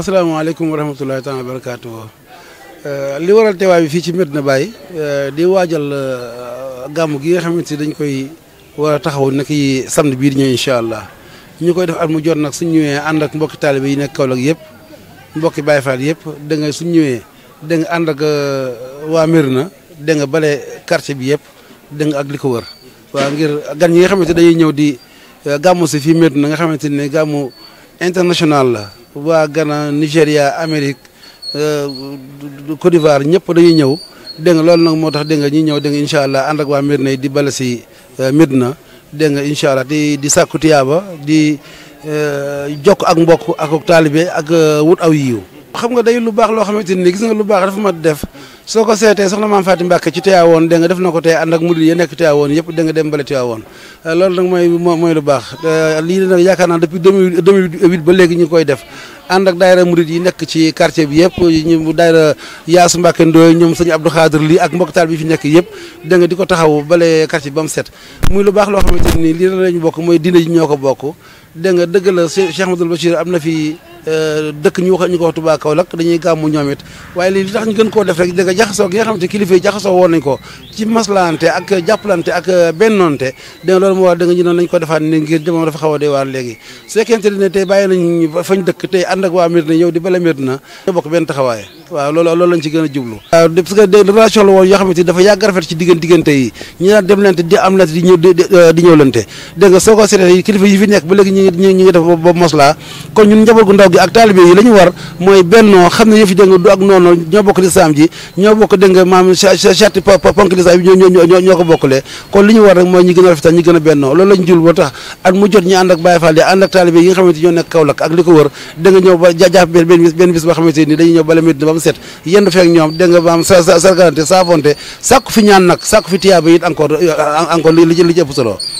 assalamu alaykum wa rahmatullahi wa barakatuh euh li waral tewa bi fi ci Medina Baye euh di waajal eh, gamu gi nga xamanteni dañ koy wara taxaw nak yi samedi bi di ñëw incha ñu koy def at mu jot nag suñ ñëwee ànd ak mbokk taalibe yi nekk kawlak yépp mbokk Baye Fall yépp da nga suñ ñewé da nga and ak eh, wa mirna da nga balé quartier bi yépp da nga ak liko wër wa ngir gan yi nga xamanteni dañuy ñew di eh, gamu ci fi Medina nga xamanteni gamu international la waa Ghana Nigéria Amérique euh, Côte d'Ivoire ñëpp dañuy ñëw dégg nga loolu nag moo tax dégg nga ñuy ñëw dégg nga incha allah ànd ak waa di bale si euh, Medina dégg nga incha allah di di sàkku ba di euh, jokk ak mbokk ak taalibe ak wut aw yiiw xam nga day lu baax loo xamante ni gis nga lu baax dafa ma def soo ko seetee soxna maam Faati Mbàkke ci Tiwaawoon dégg nga def na ko tey ànd ak murid yi nekk Tiwaawoon yëpp dégg nga dem bale Tiwaawoon euh, loolu nag mooy mooy lu baax euh, lii nag yaakaar naa depuis 2008 ba léegi ñu koy def ànd ak daayira murid yi nekk ci quartier bi yëpp ñu daayira Yaasu Mbàkke Ndooy ñoom sëñ Abdou Xaadir lii ak mbokk taal bi fi nekk yëpp dégg di ko taxaw bale quartier bi ba mu set muy lu baax loo xamante nii lii lañu bokk mooy dina ji ñoo ko bokk dégg nga dëgg la Cheikh Ahmadoul am na Euh, dëkk ñu wax ñu ko wax Touba Kaolack dañuy gàmmu ñoom it waaye li tax ñu gën koo def rek dëgg jaxasoo gi nga xamante kilifa yi jaxasoo woon nañ ko ci maslante ak jàppalante ak euh, bennonte da loolu moo war da nga ñu noon nañ ko defaat ni ngir moom dafa xaw a doy waar léegi su fekkente ne tey bàyyi nañ fañ dëkk tey ànd ak waa Medina ñëw di bala Medina ñoo bokk benn taxawaay waaw loolu loolu lañ ci gën a jublu waaw parce que des relation la woon yoo xamante dafa yàgg rafet ci diggan diggante yi ñu daan dem lente di am lente di ñëw di euh, ñëw lente dégg nga soo ko seetee kilifa yi fi nekk ba léegi ñu ngi ñu ngi def ba moslaa kon ñun njaboot gu ndaw gi ak taalibe yi la ñu war mooy bennoo xam ne yëf yi dégg nga du ak noonu ñoo bokk lislaam ji ñoo bokk dégg nga maam charte ponk lislaam yi ñoo ñoo ko bokkule kon li ñu war rek mooy ñu gën a rafetal ñu gën a bennoo loolu lañ jul ba tax at mu jot ñu ànd ak Baye Fall yi ànd ak taalibe yi nga xamante ñoo nekk Kaolack ak li ko wër dégg nga ñëw ba jàpp benn bis benn bis boo xamante ni dañuy ñëw bala mit mu set yendu feek ñoom dégg nga maam sa sa sargalante saa fi ñaan nag sàkku fi tiyaaba it encore li li ci